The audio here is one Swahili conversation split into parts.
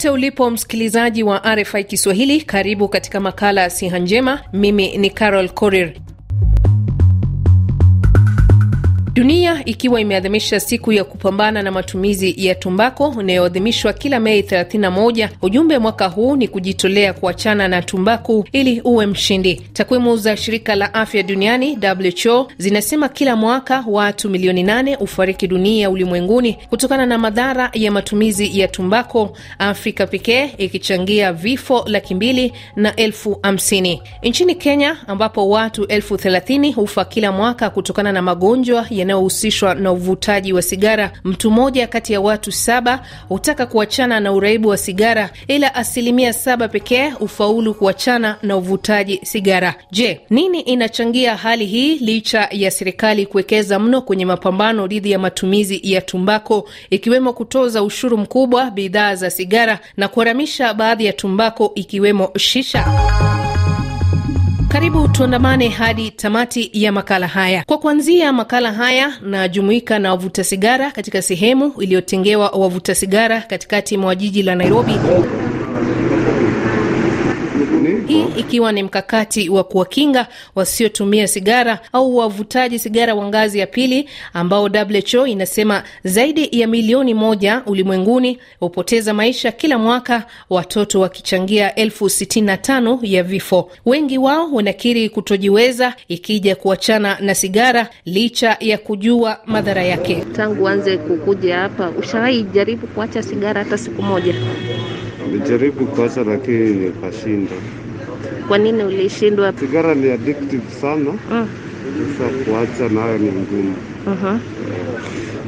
Popote ulipo msikilizaji wa RFI Kiswahili, karibu katika makala ya siha njema. Mimi ni Carol Korir. Dunia ikiwa imeadhimisha siku ya kupambana na matumizi ya tumbako inayoadhimishwa kila Mei 31, ujumbe mwaka huu ni kujitolea kuachana na tumbaku ili uwe mshindi. Takwimu za shirika la afya duniani WHO zinasema kila mwaka watu milioni nane hufariki dunia ulimwenguni kutokana na madhara ya matumizi ya tumbako, Afrika pekee ikichangia vifo laki mbili na elfu hamsini. Nchini Kenya ambapo watu elfu thelathini hufa kila mwaka kutokana na magonjwa yanayohusishwa na uvutaji wa sigara, mtu mmoja kati ya watu saba hutaka kuachana na uraibu wa sigara, ila asilimia saba pekee hufaulu kuachana na uvutaji sigara. Je, nini inachangia hali hii licha ya serikali kuwekeza mno kwenye mapambano dhidi ya matumizi ya tumbako, ikiwemo kutoza ushuru mkubwa bidhaa za sigara na kuharamisha baadhi ya tumbako ikiwemo shisha? Karibu tuandamane hadi tamati ya makala haya. Kwa kuanzia, makala haya najumuika na wavuta sigara katika sehemu iliyotengewa wavuta sigara katikati mwa jiji la Nairobi hii ikiwa ni mkakati wa kuwakinga wasiotumia sigara au wavutaji sigara wa ngazi ya pili ambao WHO inasema zaidi ya milioni moja ulimwenguni hupoteza maisha kila mwaka, watoto wakichangia elfu sitini na tano ya vifo. Wengi wao wanakiri kutojiweza ikija kuachana na sigara licha ya kujua madhara yake. Tangu anze kukuja hapa, ushawahi jaribu kuacha sigara hata siku moja? Jaribu kuacha lakini nikashinda. Kwa nini ulishindwa? Sigara ni addictive sana mm. Sasa kuacha nayo ni ngumu uh-huh.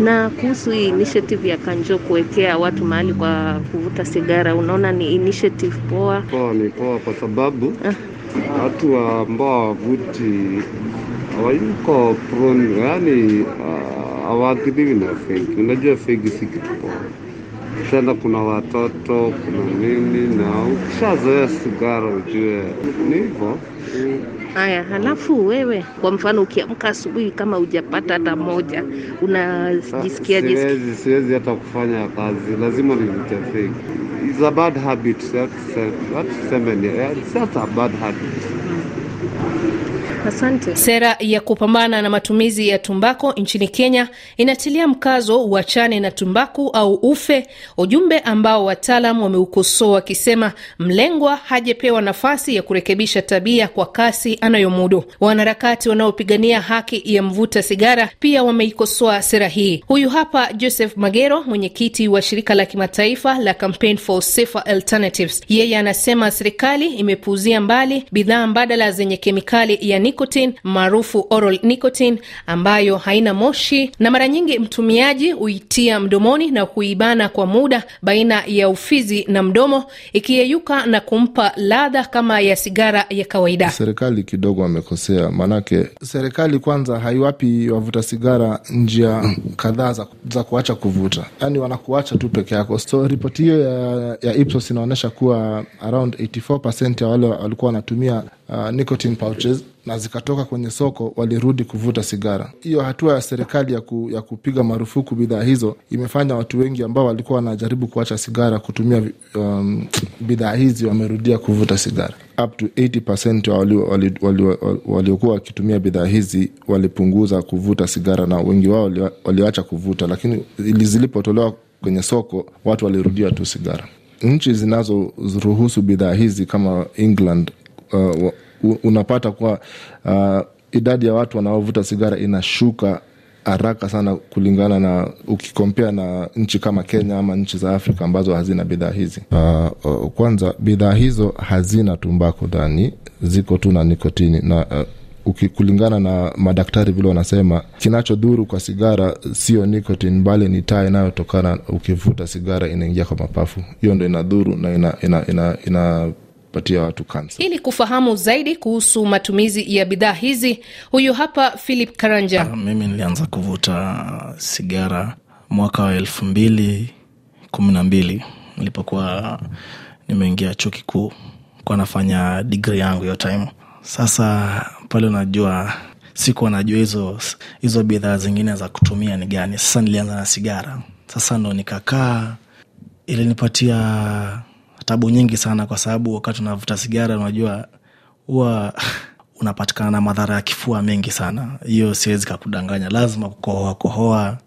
Na kuhusu hii initiative ya Kanjo kuwekea watu mahali kwa kuvuta sigara, unaona ni initiative poa? Poa, ni poa kwa sababu ah. Watu ambao wavuti hawayuko prone, yani ah, hawaathiriwi na fegi. Unajua fegi si kitu poa tena kuna watoto, kuna nini, na ukishazoea sigara ujue ni hivyo. Haya, halafu wewe kwa mfano ukiamka asubuhi kama hujapata hata moja unajisikia jisikia? Siwezi, siwezi hata kufanya kazi, lazima nijitafiki. It's a bad habit, ni, it's not a bad habit Asante. Sera ya kupambana na matumizi ya tumbako nchini Kenya inatilia mkazo uachane na tumbaku au ufe, ujumbe ambao wataalam wameukosoa wakisema mlengwa hajapewa nafasi ya kurekebisha tabia kwa kasi anayomudu. Wanaharakati wanaopigania haki ya mvuta sigara pia wameikosoa sera hii. Huyu hapa Joseph Magero, mwenyekiti wa shirika la kimataifa la Campaign for Safer Alternatives. Yeye anasema serikali imepuuzia mbali bidhaa mbadala zenye kemikali ya nicotine maarufu oral nicotine, ambayo haina moshi na mara nyingi mtumiaji huitia mdomoni na kuibana kwa muda baina ya ufizi na mdomo, ikiyeyuka na kumpa ladha kama ya sigara ya kawaida. Serikali kidogo amekosea, maanake serikali kwanza haiwapi wavuta sigara njia kadhaa za, za kuacha kuvuta, yaani wanakuacha tu peke yako. So ripoti hiyo ya, ya Ipsos inaonyesha kuwa around 84% ya wale walikuwa wanatumia uh, nicotine pouches na zikatoka kwenye soko, walirudi kuvuta sigara. Hiyo hatua ya serikali ya, ku, ya kupiga marufuku bidhaa hizo imefanya watu wengi ambao walikuwa wanajaribu kuacha sigara kutumia um, bidhaa hizi wamerudia kuvuta sigara. Up to 80% waliokuwa wali, wali, wali, wali wakitumia bidhaa hizi walipunguza kuvuta sigara, na wengi wao waliacha kuvuta, lakini zilipotolewa kwenye soko watu walirudia tu sigara. Nchi zinazoruhusu bidhaa hizi kama England uh, unapata kuwa uh, idadi ya watu wanaovuta sigara inashuka haraka sana kulingana na ukikompea na nchi kama Kenya ama nchi za Afrika ambazo hazina bidhaa hizi. Uh, uh kwanza bidhaa hizo hazina tumbako ndani, ziko tu na nikotini na uh, ukikulingana na madaktari vile wanasema, kinachodhuru kwa sigara sio nikotini, bali ni taa inayotokana ukivuta sigara inaingia kwa mapafu. Hiyo ndo inadhuru na ina, ina, ina, ina kupatia watu kansa. Ili kufahamu zaidi kuhusu matumizi ya bidhaa hizi, huyu hapa Philip Karanja. Uh, mimi nilianza kuvuta sigara mwaka wa elfu mbili kumi na mbili nilipokuwa nimeingia chuo kikuu, kuwa nafanya digri yangu hiyo time. Sasa pale unajua sikuwa najua hizo hizo bidhaa zingine za kutumia ni gani. Sasa nilianza na sigara, sasa ndo nikakaa, ilinipatia tabu nyingi sana, kwa sababu wakati unavuta sigara, unajua huwa unapatikana na madhara ya kifua mengi sana. Hiyo siwezi kakudanganya, lazima kukohoa kohoa.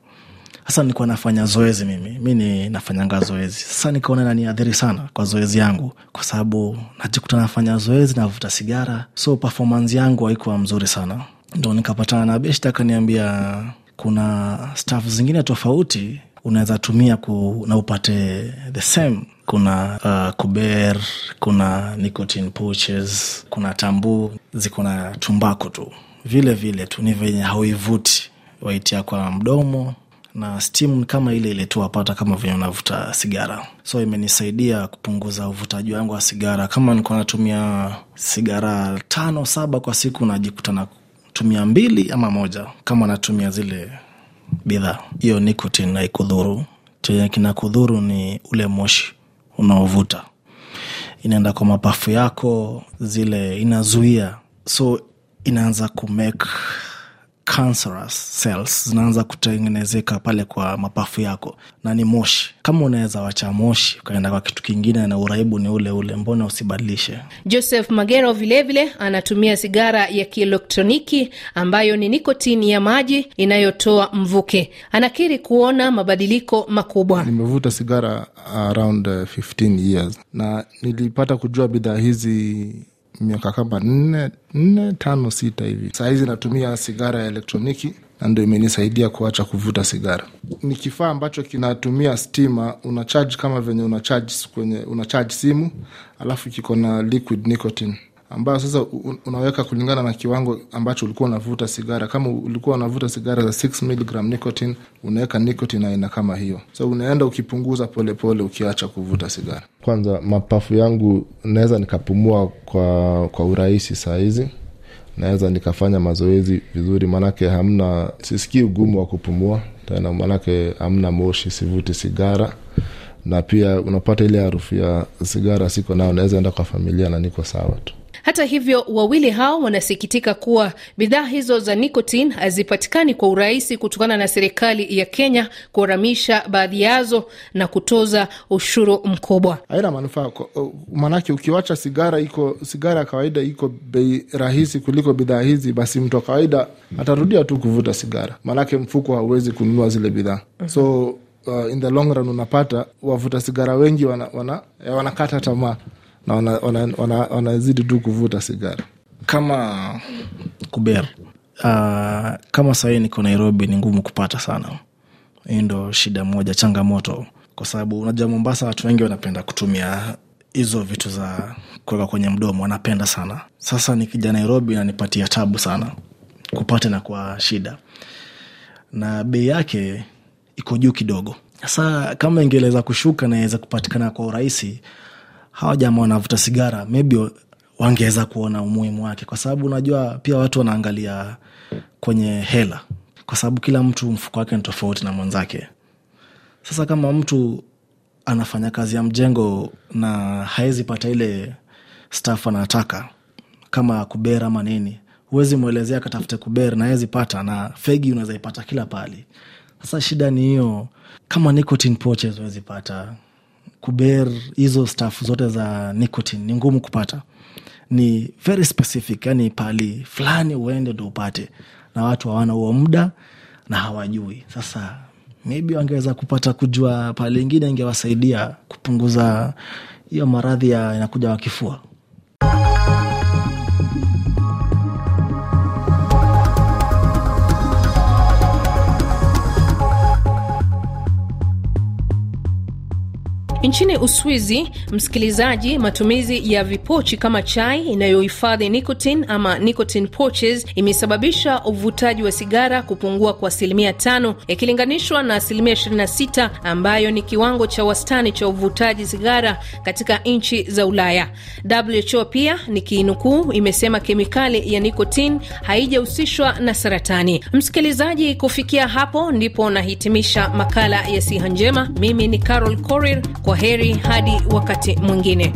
Sasa nilikuwa nafanya zoezi mimi, mi ni nafanyanga zoezi. Sasa nikaona naniadhiri sana kwa zoezi yangu, kwa sababu najikuta nafanya zoezi navuta sigara, so performance yangu haikuwa mzuri sana. Ndo nikapatana na Beshta akaniambia kuna staff zingine tofauti unaweza tumia ku, na upate the same kuna uh, kuber kuna nicotine pouches kuna tambuu ziko na tumbako tu vile vile tu ni venye hauivuti waitia kwa mdomo na stim kama ile ile tu kama venye unavuta sigara so imenisaidia kupunguza uvutaji wangu wa sigara kama niko natumia sigara tano saba kwa siku najikuta na tumia mbili ama moja kama natumia zile bidhaa hiyo nikotin haikudhuru chenye kinakudhuru ni ule moshi unaovuta inaenda kwa mapafu yako zile inazuia so inaanza kumake cancerous cells zinaanza kutengenezeka pale kwa mapafu yako na ni moshi kama unaweza wacha moshi ukaenda kwa kitu kingine na urahibu ni ule ule mbona usibadilishe joseph magero vilevile vile, anatumia sigara ya kielektroniki ambayo ni nikotini ya maji inayotoa mvuke anakiri kuona mabadiliko makubwa nimevuta sigara around 15 eh, years na nilipata kujua bidhaa hizi miaka kama nne nne tano sita hivi. Sahizi natumia sigara ya elektroniki na ndo imenisaidia kuacha kuvuta sigara. Ni kifaa ambacho kinatumia stima, una charge kama venye una charge kwenye una charge simu, alafu kiko na liquid nicotine ambayo sasa unaweka kulingana na kiwango ambacho ulikuwa unavuta sigara. Kama ulikuwa unavuta sigara za 6 mg nicotine, unaweka nicotine aina kama hiyo. So unaenda ukipunguza polepole pole, ukiacha kuvuta sigara. Kwanza mapafu yangu naweza nikapumua kwa, kwa urahisi saa hizi naweza nikafanya mazoezi vizuri, maanake hamna, sisikii ugumu wa kupumua tena, maanake hamna moshi, sivuti sigara na pia unapata ile harufu ya sigara siko nayo, naweza enda kwa familia na niko sawa tu. Hata hivyo, wawili hao wanasikitika kuwa bidhaa hizo za nikotini hazipatikani kwa urahisi kutokana na serikali ya Kenya kuharamisha baadhi yazo na kutoza ushuru mkubwa. Haina manufaa, uh, maanake ukiwacha sigara iko sigara ya kawaida iko bei rahisi kuliko bidhaa hizi, basi mtu wa kawaida atarudia tu kuvuta sigara, maanake mfuko hauwezi kununua zile bidhaa mhm. so Uh, in the long run unapata wavuta sigara wengi wanakata wana, wana eh, tamaa na wanazidi wana, wana, wana tu kuvuta sigara kama kuber uh, kama sahii niko nairobi ni ngumu kupata sana hii ndo shida moja changamoto kwa sababu unajua mombasa watu wengi wanapenda kutumia hizo vitu za kuweka kwenye mdomo wanapenda sana sasa nikija nairobi nanipatia tabu sana kupata na kwa shida na bei yake iko juu kidogo sasa kama ingeleza kushuka naweza kupatikana kwa urahisi hawa jamaa wanavuta sigara maybe wangeweza kuona umuhimu wake kwa sababu unajua pia watu wanaangalia kwenye hela kwa sababu kila mtu mfuko wake ni tofauti na mwenzake sasa kama mtu anafanya kazi ya mjengo na hawezi pata ile staff anataka kama kuber ama nini huwezi mwelezea akatafute kuber na hawezi pata na fegi unaweza ipata kila pahali. sasa shida ni hiyo kama nicotine poches huwezi pata kuber hizo staff zote za nicotine ni ngumu kupata ni very specific yani pali fulani uende ndo upate na watu hawana huo muda na hawajui sasa maybe wangeweza kupata kujua pali ingine ingewasaidia kupunguza hiyo maradhi ya inakuja wakifua Nchini Uswizi, msikilizaji, matumizi ya vipochi kama chai inayohifadhi nicotine ama nicotine pouches imesababisha uvutaji wa sigara kupungua kwa asilimia tano ikilinganishwa na asilimia 26 ambayo ni kiwango cha wastani cha uvutaji sigara katika nchi za Ulaya. WHO pia ni kiinukuu imesema kemikali ya nicotine haijahusishwa na saratani. Msikilizaji, kufikia hapo ndipo nahitimisha makala ya siha njema. Mimi ni Carol Korir kwa kwa heri hadi wakati mwingine.